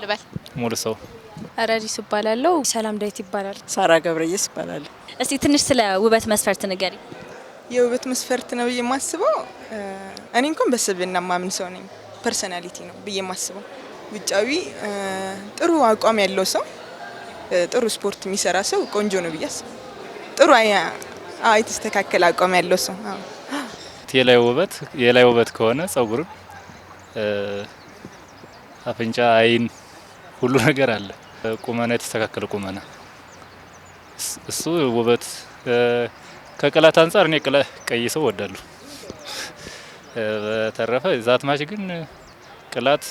ልበል ሙሉ ሰው ረዲስ ይባላለው። ሰላም ዳዊት ይባላል። ሳራ ገብረየስ ይባላል። እስቲ ትንሽ ስለ ውበት መስፈርት ንገሪ። የውበት መስፈርት ነው ብዬ የማስበው እኔ እንኳን በስብና ማምን ሰው ነኝ። ፐርሰናሊቲ ነው ብዬ የማስበው ውጫዊ ጥሩ አቋም ያለው ሰው፣ ጥሩ ስፖርት የሚሰራ ሰው ቆንጆ ነው ብዬ አስብ። ጥሩ የተስተካከለ አቋም ያለው ሰው የላይ ውበት የላይ ውበት ከሆነ ጸጉርም፣ አፍንጫ፣ አይን ሁሉ ነገር አለ። ቁመና የተስተካከለ ቁመና እሱ ውበት ከቅላት አንጻር እኔ ቅላት ቀይ ሰው ወዳለሁ። በተረፈ ዛት ግን ቅላት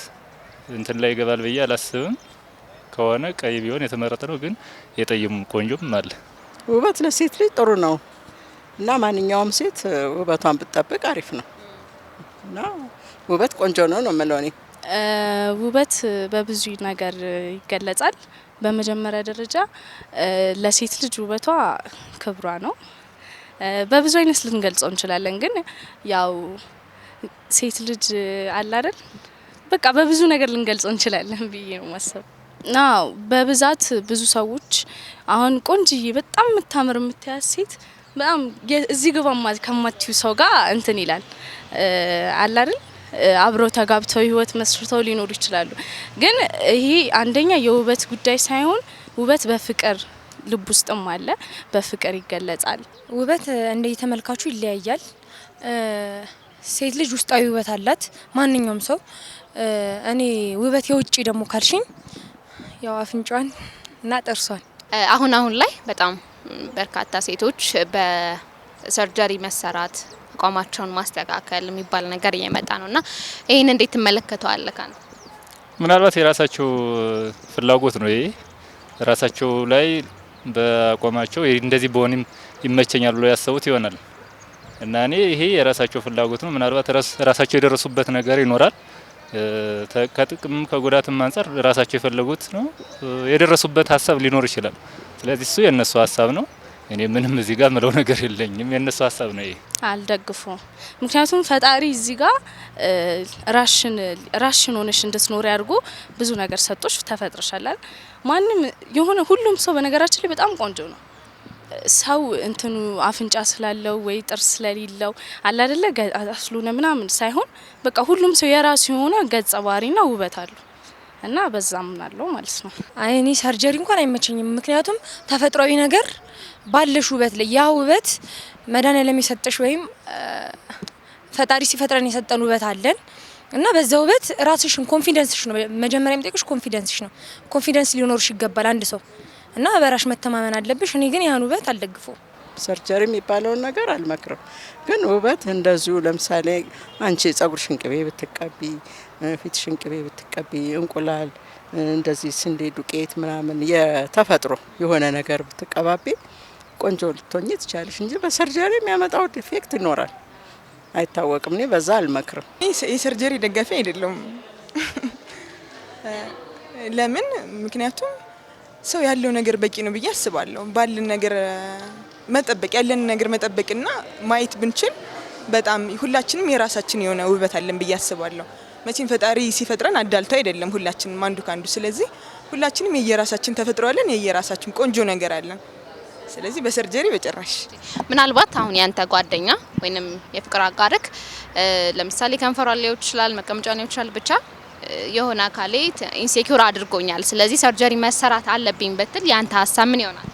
እንትን ላይ ይገባል ብዬ አላስብም። ከሆነ ቀይ ቢሆን የተመረጠ ነው። ግን የጠይም ቆንጆም አለ። ውበት ለሴት ልጅ ጥሩ ነው። እና ማንኛውም ሴት ውበቷን ብትጠብቅ አሪፍ ነው እና ውበት ቆንጆ ነው ነው የምለው እኔ። ውበት በብዙ ነገር ይገለጻል። በመጀመሪያ ደረጃ ለሴት ልጅ ውበቷ ክብሯ ነው። በብዙ አይነት ልንገልጸው እንችላለን። ግን ያው ሴት ልጅ አላደል በቃ በብዙ ነገር ልንገልጸው እንችላለን ብዬ ነው ማሰብ እና በብዛት ብዙ ሰዎች አሁን ቆንጅዬ በጣም የምታምር የምታያዝ ሴት በጣም እዚህ ግባ ከማትዩ ሰው ጋር እንትን ይላል አላልን አብሮ ተጋብተው ህይወት መስርተው ሊኖሩ ይችላሉ። ግን ይሄ አንደኛ የውበት ጉዳይ ሳይሆን ውበት በፍቅር ልብ ውስጥም አለ፣ በፍቅር ይገለጻል። ውበት እንደ ተመልካቹ ይለያያል። ሴት ልጅ ውስጣዊ ውበት አላት ማንኛውም ሰው። እኔ ውበት የውጭ ደግሞ ካልሽኝ ያው አፍንጫዋን እና ጥርሷን አሁን አሁን ላይ በጣም በርካታ ሴቶች በሰርጀሪ መሰራት አቋማቸውን ማስተካከል የሚባል ነገር እየመጣ ነው እና ይህን እንዴት ትመለከተዋለህ? ካን ምናልባት የራሳቸው ፍላጎት ነው። ይሄ ራሳቸው ላይ በአቋማቸው እንደዚህ በሆንም ይመቸኛል ብሎ ያሰቡት ይሆናል እና እኔ ይሄ የራሳቸው ፍላጎት ነው። ምናልባት ራሳቸው የደረሱበት ነገር ይኖራል። ከጥቅም ከጉዳትም አንጻር ራሳቸው የፈለጉት ነው። የደረሱበት ሀሳብ ሊኖር ይችላል። ስለዚህ እሱ የእነሱ ሀሳብ ነው። እኔ ምንም እዚህ ጋር ምለው ነገር የለኝም። የእነሱ ሀሳብ ነው ይሄ። አልደግፉም። ምክንያቱም ፈጣሪ እዚህ ጋር ራሽን ሆነሽ እንድትኖሪ አድርጎ ብዙ ነገር ሰጦች ተፈጥረሻላል። ማንም የሆነ ሁሉም ሰው በነገራችን ላይ በጣም ቆንጆ ነው። ሰው እንትኑ አፍንጫ ስላለው ወይ ጥርስ ስለሌለው አላደለ አስሉነ ምናምን ሳይሆን በቃ ሁሉም ሰው የራሱ የሆነ ገጸ ባህሪና ውበት አለው። እና በዛ ምናለው ማለት ነው። አይ እኔ ሰርጀሪ እንኳን አይመቸኝም። ምክንያቱም ተፈጥሯዊ ነገር ባለሽ ውበት ላይ ያ ውበት መድኃኒዓለም የሰጠሽ ወይም ፈጣሪ ሲፈጥረን የሰጠን ውበት አለን እና በዛ ውበት ራስሽን ኮንፊደንስሽ ነው መጀመሪያ የሚጠይቅሽ ኮንፊደንስሽ ነው። ኮንፊደንስ ሊኖርሽ ይገባል አንድ ሰው እና በራሽ መተማመን አለብሽ። እኔ ግን ያን ውበት አልደግፉ ሰርጀሪ የሚባለውን ነገር አልመክርም። ግን ውበት እንደዚሁ ለምሳሌ አንቺ ጸጉርሽን ቅቤ ብትቀቢ ፊትሽን ቅቤ ብትቀቢ፣ እንቁላል እንደዚህ ስንዴ ዱቄት ምናምን የተፈጥሮ የሆነ ነገር ብትቀባቢ ቆንጆ ልትሆኚ ትቻለሽ እንጂ በሰርጀሪ የሚያመጣው ዲፌክት ይኖራል፣ አይታወቅም። እኔ በዛ አልመክርም። የሰርጀሪ ደጋፊ አይደለም። ለምን? ምክንያቱም ሰው ያለው ነገር በቂ ነው ብዬ አስባለሁ። ባለን ነገር መጠበቅ ያለን ነገር መጠበቅና ማየት ብንችል በጣም ሁላችንም የራሳችን የሆነ ውበት አለን ብዬ አስባለሁ። መቼም ፈጣሪ ሲፈጥረን አዳልቶ አይደለም ሁላችንም አንዱ ከአንዱ። ስለዚህ ሁላችንም የየራሳችን ተፈጥሮ አለን፣ የየራሳችን ቆንጆ ነገር አለን። ስለዚህ በሰርጀሪ በጭራሽ። ምናልባት አሁን ያንተ ጓደኛ ወይንም የፍቅር አጋርክ ለምሳሌ ከንፈሯ ሊሆን ይችላል፣ መቀመጫ ሊሆን ይችላል፣ ብቻ የሆነ አካሌ ኢንሴኩር አድርጎኛል፣ ስለዚህ ሰርጀሪ መሰራት አለብኝ ብትል ያንተ ሀሳብ ምን ይሆናል?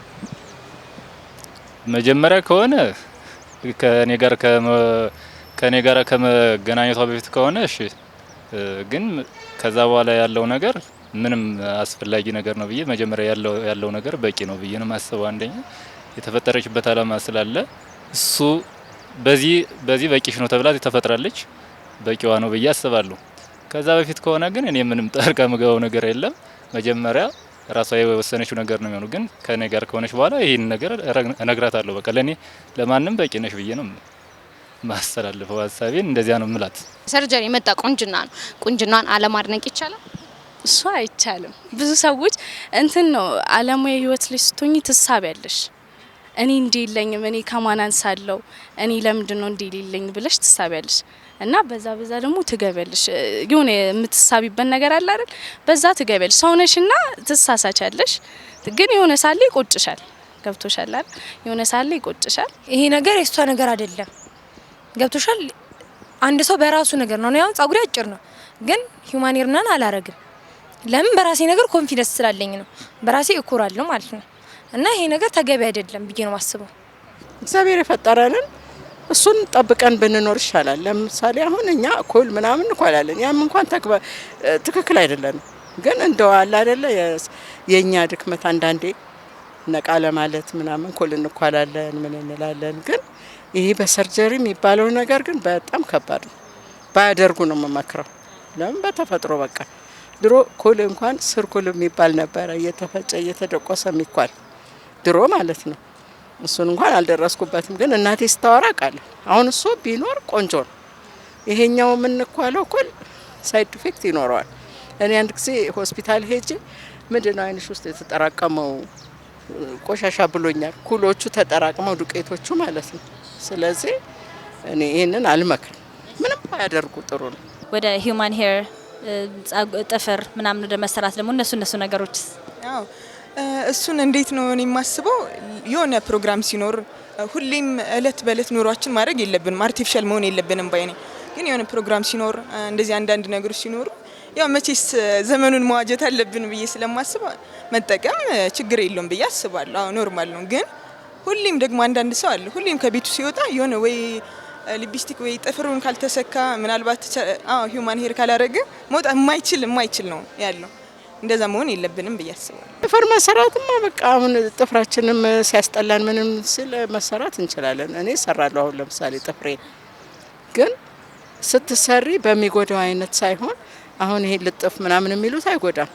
መጀመሪያ ከሆነ ከኔ ጋር ከኔ ጋር ከመገናኘቷ በፊት ከሆነ እሺ ግን ከዛ በኋላ ያለው ነገር ምንም አስፈላጊ ነገር ነው ብዬ መጀመሪያ ያለው ነገር በቂ ነው ብዬ ነው የማስበው። አንደኛ የተፈጠረችበት አላማ ስላለ እሱ በዚህ በዚህ በቂሽ ነው ተብላት ተፈጥራለች፣ በቂዋ ነው ብዬ አስባለሁ። ከዛ በፊት ከሆነ ግን እኔ ምንም ጣልቃ ምገባው ነገር የለም። መጀመሪያ ራሷ የወሰነችው ነገር ነው የሚሆኑ። ግን ከእኔ ጋር ከሆነች በኋላ ይህን ነገር እነግራታለሁ። በቃ ለእኔ ለማንም በቂ ነሽ ብዬ ነው ማስተላልፈው ሀሳቤን እንደዚያ ነው ምላት። ሰርጀሪ የመጣ ቁንጅና ነው። ቁንጅናን አለማድነቅ ይቻላል? እሱ አይቻልም። ብዙ ሰዎች እንትን ነው አለሙ የህይወት ልጅ ስትሆኝ ትሳቢያለሽ። እኔ እንዲ የለኝም፣ እኔ ከማን አንሳለው፣ እኔ ለምንድን ነው እንዲ የሌለኝ ብለሽ ትሳቢያለሽ። እና በዛ በዛ ደግሞ ትገቢያለሽ። የሆነ የምትሳቢበት ነገር አለ አይደል? በዛ ትገቢያለሽ። ና ትሳሳቻለሽ፣ ግን የሆነ ሳለ ይቆጭሻል። ገብቶሻል አይደል? የሆነ ሳለ ይቆጭሻል። ይሄ ነገር የእሷ ነገር አይደለም ገብቶሻል። አንድ ሰው በራሱ ነገር ነው። ያው ጸጉሬ አጭር ነው፣ ግን ሂውማን ሄር ምናምን አላረግም። ለምን በራሴ ነገር ኮንፊደንስ ስላለኝ ነው። በራሴ እኮራለሁ ማለት ነው። እና ይሄ ነገር ተገቢ አይደለም ብዬ ነው ማስበው። እግዚአብሔር የፈጠረንን እሱን ጠብቀን ብንኖር ይሻላል። ለምሳሌ አሁን እኛ እኩል ምናምን እንኳላለን፣ ያም እንኳን ትክክል አይደለንም። ግን እንደው አለ አይደለ የእኛ ድክመት አንዳንዴ ነቃ ለማለት ምናምን እኩል እንኳላለን፣ ምን እንላለን ግን ይሄ በሰርጀሪ የሚባለው ነገር ግን በጣም ከባድ ነው። ባያደርጉ ነው የምመክረው። ለምን በተፈጥሮ በቃ ድሮ ኩል እንኳን ስር ኩል የሚባል ነበረ፣ እየተፈጨ እየተደቆሰ የሚኳል ድሮ ማለት ነው። እሱን እንኳን አልደረስኩበትም፣ ግን እናቴ ስታወራ ቃለ አሁን እሱ ቢኖር ቆንጆ ነው። ይሄኛው የምንኳለው ኩል ሳይድ ኢፌክት ይኖረዋል። እኔ አንድ ጊዜ ሆስፒታል ሄጄ ምንድነው ነው አይንሽ ውስጥ የተጠራቀመው ቆሻሻ ብሎኛል። ኩሎቹ ተጠራቅመው ዱቄቶቹ ማለት ነው ስለዚህ እኔ ይህንን አልመክርም። ምንም አያደርጉ ጥሩ ነው። ወደ ሂውማን ሄር ጥፍር ምናምን ወደ መሰራት ደግሞ እነሱ እነሱ ነገሮች እሱን እንዴት ነው እኔ የማስበው የሆነ ፕሮግራም ሲኖር ሁሌም እለት በእለት ኑሯችን ማድረግ የለብንም አርቲፊሻል መሆን የለብንም ባይ ነኝ። ግን የሆነ ፕሮግራም ሲኖር እንደዚህ አንዳንድ ነገሮች ሲኖሩ ያው መቼስ ዘመኑን መዋጀት አለብን ብዬ ስለማስብ መጠቀም ችግር የለውም ብዬ አስባለሁ። ኖርማል ነው ግን ሁሌም ደግሞ አንዳንድ ሰው አለ ሁሌም ከቤቱ ሲወጣ የሆነ ወይ ሊፕስቲክ ወይ ጥፍሩን ካልተሰካ ምናልባት ሂውማን ሄር ካላረገ መውጣት የማይችል የማይችል ነው ያለው። እንደዛ መሆን የለብንም ብዬ አስባለሁ። ጥፍር መሰራትማ በቃ አሁን ጥፍራችንም ሲያስጠላን ምንም ስል መሰራት እንችላለን። እኔ ሰራለሁ። አሁን ለምሳሌ ጥፍሬ ግን ስትሰሪ በሚጎዳው አይነት ሳይሆን አሁን ይሄ ልጥፍ ምናምን የሚሉት አይጎዳም።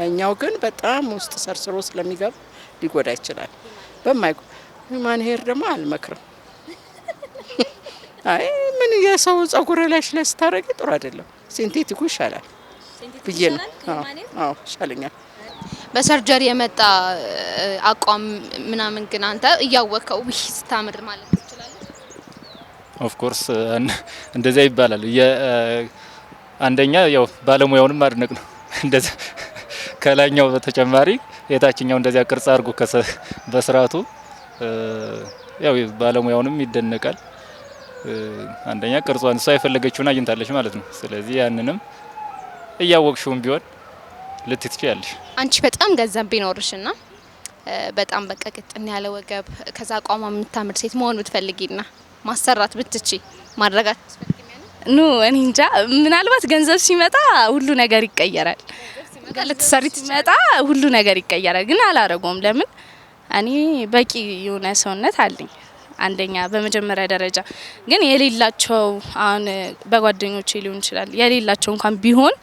ያኛው ግን በጣም ውስጥ ሰርስሮ ስለሚገባ ሊጎዳ ይችላል በማይጎ ማንሄር ደግሞ አልመክርም። አይ ምን የሰው ጸጉር ላይሽ ላይ ስታረጊ ጥሩ አይደለም። ሲንቴቲኩ ይሻላል ብዬ ነው። አዎ ይሻለኛል። በሰርጀሪ የመጣ አቋም ምናምን ግን አንተ እያወቀው ስታምር ማለት ትችላለህ። ኦፍኮርስ እንደዚያ ይባላል። አንደኛ ያው ባለሙያውንም አድነቅ ነው እንደዚያ ከላይኛው በተጨማሪ የታችኛው እንደዚያ ቅርጽ አድርጎ በስርዓቱ ያው ባለሙያውንም ይደነቃል። አንደኛ ቅርጿን እሷ የፈለገችውን አግኝታለች ማለት ነው። ስለዚህ ያንንም እያወቅሽውም ቢሆን ልትት ያለሽ አንቺ በጣም ገንዘብ ቢኖርሽና በጣም በቃ ቅጥን ያለ ወገብ ከዛ አቋሟ የምታምር ሴት መሆን ብትፈልጊና ማሰራት ብትቺ ማድረጋት ኑ እኔ እንጃ። ምናልባት ገንዘብ ሲመጣ ሁሉ ነገር ይቀየራል። ልትሰሪ ሲመጣ ሁሉ ነገር ይቀየራል። ግን አላረገውም ለምን እኔ በቂ የሆነ ሰውነት አለኝ። አንደኛ በመጀመሪያ ደረጃ ግን የሌላቸው አሁን በጓደኞቼ ሊሆን ይችላል የሌላቸው እንኳን ቢሆን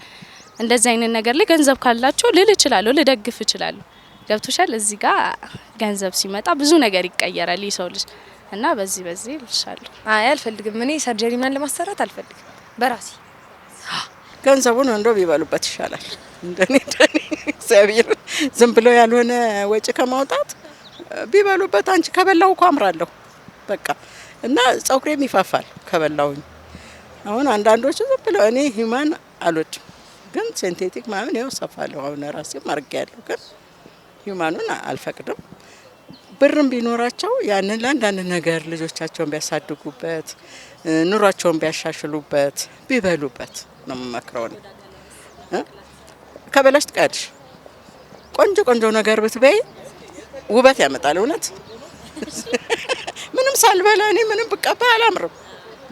እንደዚህ አይነት ነገር ላይ ገንዘብ ካላቸው ልል እችላለሁ፣ ልደግፍ እችላለሁ። ገብቶሻል? እዚህ ጋር ገንዘብ ሲመጣ ብዙ ነገር ይቀየራል የሰው ልጅ እና በዚህ በዚህ ልሻለሁ። አይ አልፈልግም፣ እኔ ሰርጀሪ ምናምን ለማሰራት አልፈልግም። በራሴ ገንዘቡን ወንዶ ቢበሉበት ይሻላል እንደኔ እንደኔ እግዚአብሔር ዝም ብሎ ያልሆነ ወጪ ከማውጣት ቢበሉበት አንቺ ከበላው እኮ አምራለሁ በቃ እና ጸጉሬም ይፋፋል ከበላውኝ። አሁን አንዳንዶቹ ዝም ብለው እኔ ሂማን አሎች ግን ሴንቴቲክ ምናምን ያው ሰፋለሁ። አሁን ራሴም አድርጌያለሁ፣ ግን ሂማኑን አልፈቅድም። ብርም ቢኖራቸው ያንን ለአንዳንድ ነገር ልጆቻቸውን ቢያሳድጉበት፣ ኑሯቸውን ቢያሻሽሉበት፣ ቢበሉበት ነው የምመክረው። ከበላሽ ትቀድሽ ቆንጆ ቆንጆ ነገር ብትበይ ውበት ያመጣል። እውነት ምንም ሳልበላ እኔ ምንም ብቀባ አላምርም፣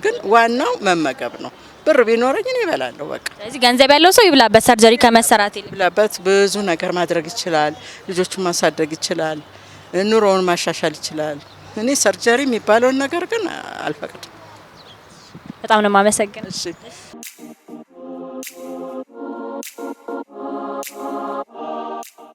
ግን ዋናው መመገብ ነው። ብር ቢኖረኝ እኔ እበላለሁ። በቃ ስለዚህ ገንዘብ ያለው ሰው ይብላበት፣ ሰርጀሪ ከመሰራት ይብላበት። ብዙ ነገር ማድረግ ይችላል። ልጆቹን ማሳደግ ይችላል። ኑሮውን ማሻሻል ይችላል። እኔ ሰርጀሪ የሚባለውን ነገር ግን አልፈቅድም። በጣም ነው የማመሰግነው። እሺ